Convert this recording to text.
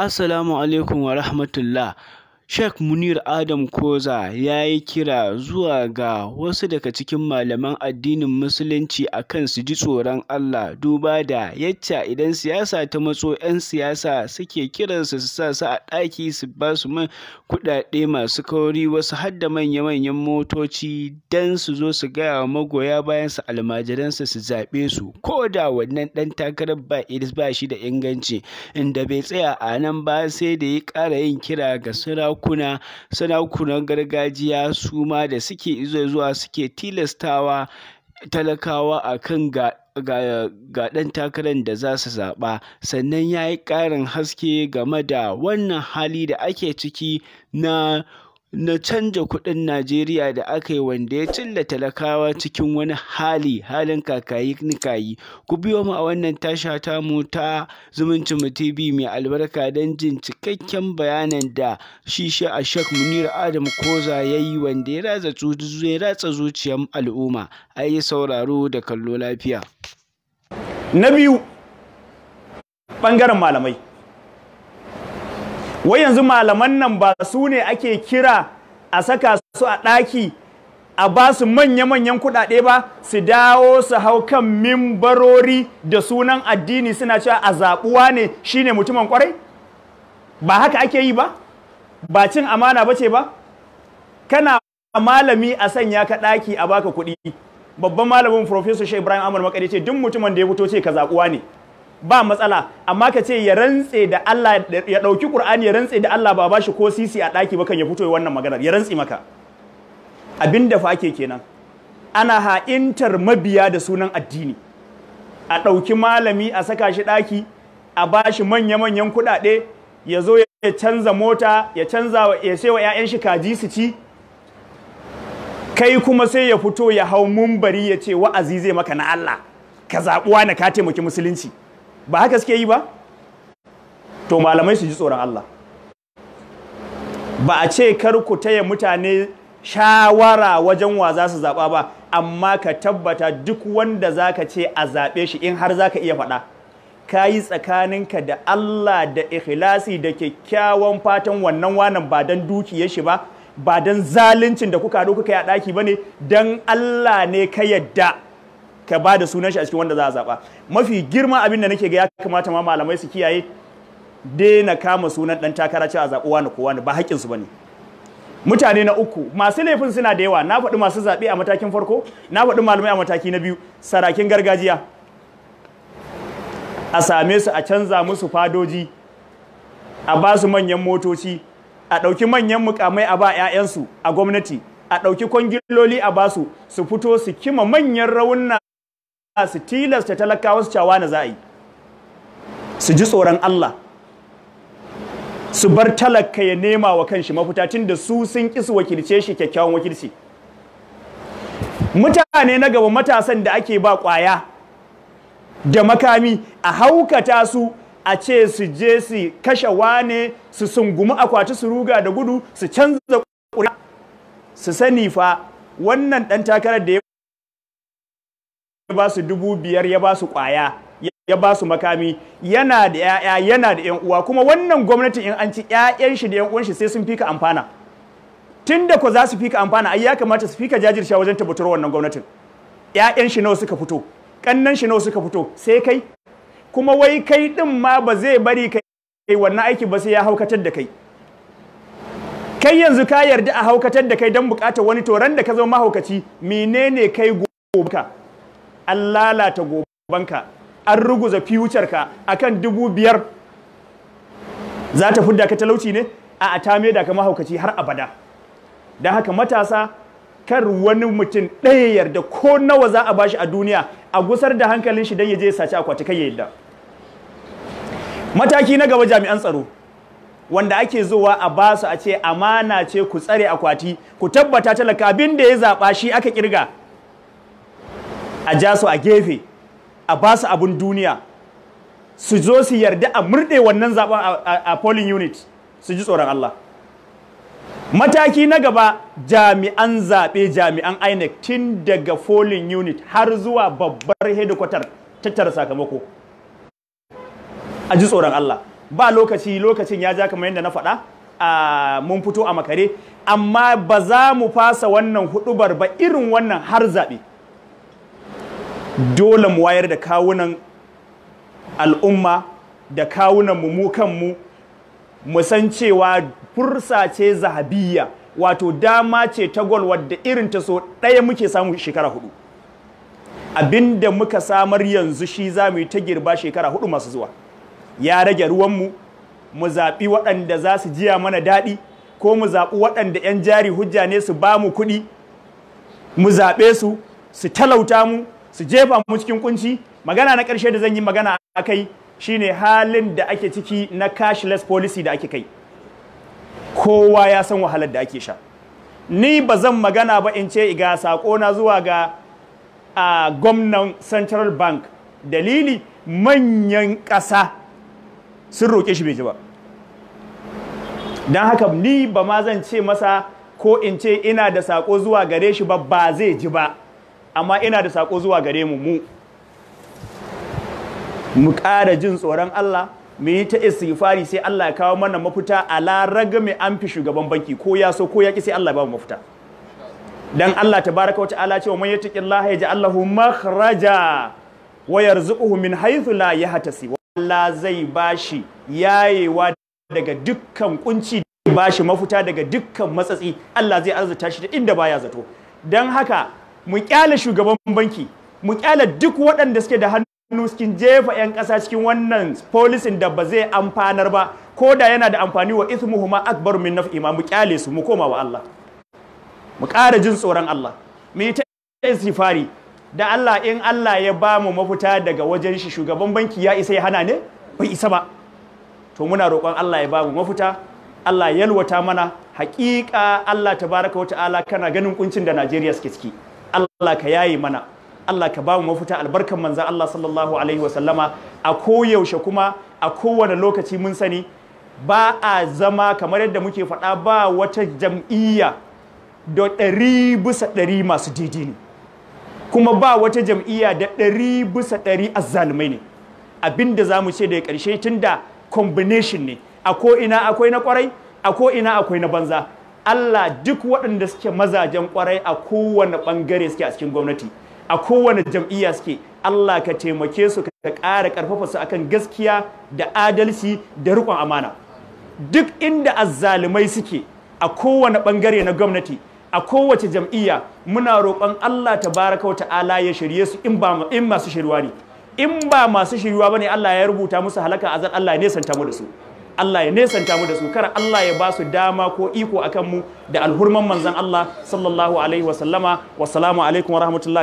Assalamu alaikum wa rahmatullah Sheikh Munir Adam Koza ya yi kira zuwa ga wasu daga cikin malaman addinin Musulunci a kan su ji tsoron Allah duba da yacca idan siyasa ta matso 'yan siyasa suke kiran su sa su a ɗaki su ba su man kuɗaɗe masu kauri wasu har da manya-manyan motoci don su zo su gaya wa magoya bayan su almajiransa su zaɓe su ko da wannan ɗan takarar ba ba shi da inganci inda bai tsaya a nan ba sai da ya ƙara yin kira ga sarakuna sarakuna sarakunan gargajiya su ma da suke zuwa suke tilastawa talakawa a kan ga ga ɗan takarar da za su zaɓa sannan ya yi ƙarin haske game da wannan hali da ake ciki na na canja kuɗin Najeriya da aka yi wanda ya cilla talakawa cikin wani hali halin kakayi nikayi ku biyo mu a wannan tasha mu ta zumuncin mu TV mai albarka don jin cikakken bayanan da shi a Shak Munir Adam Koza ya yi wanda ya ratsa zuciyar al'umma a sauraro da kallo lafiya na biyu ɓangaren malamai wai yanzu malaman nan ba su ne ake kira a saka su a ɗaki a ba su manya-manyan kuɗaɗe ba su dawo su hau kan mimbarori da sunan addini suna cewa a zaɓuwa ne shine mutumin kwarai? ba haka ake yi ba ba cin amana ba ce ba kana malami a sanya ka ɗaki a baka kuɗi babban malamin Profesor shaibrahim Ibrahim Amar ce duk mutumin da ya fito ce ka zaɓuwa ne ba matsala amma ka ce ya rantse da Allah ya ɗauki Qur'ani ya rantse da Allah ba bashi ko sisi a ɗaki ba kan ya fito wannan maganar ya rantse maka abin da fa ake kenan ana ha'intar mabiya da sunan addini a ɗauki malami a saka shi ɗaki a bashi manya-manyan kuɗaɗe ya zo ya canza mota ya canza ya sai wa 'ya'yan shi kaji su ci kai kuma sai ya fito ya hau mumbari ya ce wa'azi zai maka na Allah ka zaɓuwa na ka taimaki musulunci ba haka suke yi ba to malamai su ji tsoron Allah ba a ce kar ku taya mutane shawara wajen wa za su zaɓa ba amma ka tabbata duk wanda za ka ce a zaɓe shi in har za ka iya faɗa ka yi tsakaninka da Allah da ikhlasi da kyakkyawan fatan wannan wanan ba don dukiyar shi ba ba don zaluncin da kuka haɗu kuka yi a ɗaki ba ne don Allah ne ka yadda ka ba da sunan shi a cikin wanda za a zaba mafi girma abin da nake ga ya kamata ma malamai su kiyaye daina kama sunan ɗan takara cewa zaɓi wani ko wani ba haƙƙinsu su bane mutane na uku masu laifin suna da yawa na faɗi masu zaɓe a matakin farko na faɗi malamai a mataki na biyu sarakin gargajiya a same su a canza musu fadoji a ba su manyan motoci a ɗauki manyan mukamai a ba 'ya'yansu a gwamnati a ɗauki kwangiloli a basu su fito su kima manyan raunna su tilasta talakawa su cawa na za a yi su ji tsoron Allah su bar talaka ya nema wa kanshi mafita tun da su sun ƙi su wakilce shi kyakkyawan wakilci mutane na gaba matasan da ake ba ƙwaya da makami a haukata su a ce su je su kashe wane su sungumi akwati su ruga da gudu su canza ƙuri'a su sani fa wannan ɗan takarar da ya ya ba su dubu biyar ya ba su kwaya ya ba su makami yana da ya'ya yana da yan uwa kuma wannan gwamnati in an ci yayan shi da yan uwan shi sai sun fika amfana tunda ko za su fika amfana ai ya kamata su fika jajircewa wajen tabbatar wannan gwamnatin 'ya'yan shi nawa suka fito kannan shi nawa suka fito sai kai kuma wai kai din ma ba zai bari kai wannan aiki ba sai ya haukatar da kai kai yanzu ka yarda a haukatar da kai don bukatar wani toron da ka zama mahaukaci menene kai gobe ka an lalata gobanka an ruguza ka akan dubu biyar za ta fi ka talauci ne a atame ta da ka mahaukaci har abada don haka matasa kar wani mutum ɗaya yarda ko nawa za a bashi a duniya a gusar da hankalin shi don ya je ya saci akwati kai ya mataki na gaba jami'an tsaro wanda ake zuwa a basu a ce amana ce ku tsare akwati ku tabbata talaka abin da ya zaɓa shi aka kirga a ja su a gefe a ba su abin duniya su zo su yarda a murɗe wannan zaben a polling unit su ji tsoron Allah mataki na gaba jami'an zaɓe jami'an INEC tun daga polling unit har zuwa babbar hedikwatar tattara sakamako a ji tsoron Allah ba lokaci lokacin ya ja kamar yadda na faɗa mun fito a makare amma ba za mu fasa wannan hudubar ba irin wannan har zaɓe dole mu wayar da kawunan al'umma da kawunan mu mu kanmu mu san cewa fursa ce zahabiyya wato dama ce ta gol wadda irin ta so ɗaya muke samu shekara hudu abinda muka samar yanzu shi za mu yi ta girba shekara hudu masu zuwa ya rage ruwanmu mu zaɓi waɗanda za su jiya mana daɗi ko mu zaɓi waɗanda 'yan jari hujja ne su ba mu kuɗi mu zaɓe su su talauta mu su jefa mu cikin kunci magana na ƙarshe da zan yi magana a kai shine halin da ake ciki na cashless policy da ake kai kowa ya san wahalar da ake sha ni ba zan magana ba in ce ga na zuwa ga a gwamnan central bank dalili manyan ƙasa sun roƙe shi bai ji ba don haka ni ba ma zan ce masa ko in ce ina da sako zuwa gare shi ba ba zai ji ba amma ina da saƙo zuwa gare mu mu mu ƙara jin tsoron Allah mu yi ta istighfari sai Allah ya kawo mana mafita a laraga mai fi shugaban banki ko ya so ko ya ƙi sai Allah ba mu mafita dan Allah tabaraka ala cewa man yattaqillaha yaj'al lahu makhraja wa yarzuquhu min haythu la yahtasib Allah zai bashi yayewa daga dukkan kunci bashi mafuta daga dukkan matsatsi Allah zai arzuta shi da inda baya zato dan haka mu kyale shugaban banki mu kyale duk waɗanda suke da hannu cikin jefa 'yan ƙasa cikin wannan folisin da ba zai amfanar ba ko da yana da amfani wa ithmuhuma akbar min naf'i ma mu kyale su mu koma wa Allah mu ƙara jin tsoron Allah mu yi ta istighfari da Allah in Allah ya ba mu mafita daga wajen shi shugaban banki ya isa ya hana ne bai isa ba to muna roƙon Allah ya ba mu mafita Allah yalwata mana haƙiƙa Allah tabaraka wa ta'ala kana ganin kuncin da Najeriya suke ciki Allah ka yaye mana Allah ka ba mu mafita albarkan manzan Allah sallallahu alaihi wasallama a koyaushe kuma a kowane lokaci mun sani ba a zama kamar yadda muke faɗa ba wata jam'iyya da ɗari bisa ɗari masu daidai ne kuma ba wata jam'iyya da ɗari bisa ɗari azzalumai ne abinda za mu ce da ya ƙarshe tun da combination ne a ko'ina akwai na ƙwarai a ko'ina akwai na banza Allah duk waɗanda suke mazajen ƙwarai a kowane ɓangare suke a cikin gwamnati a kowane jam'iyya suke Allah ka taimake su ka ƙara ƙarfafa su akan gaskiya da adalci da riƙon amana duk inda azzalumai suke a kowane ɓangare na gwamnati a kowace jam'iyya muna roƙon Allah ta wa ta'ala ya shirye in masu shirwa ne in ba masu shirwa ne Allah ya rubuta musu halaka azal Allah ya santa mu da su Allah ya nesanta mu da su kar Allah ya ba su dama ko iko akan mu da alhurman manzon Allah sallallahu alaihi wa sallama wassalamu alaikum wa rahmatullahi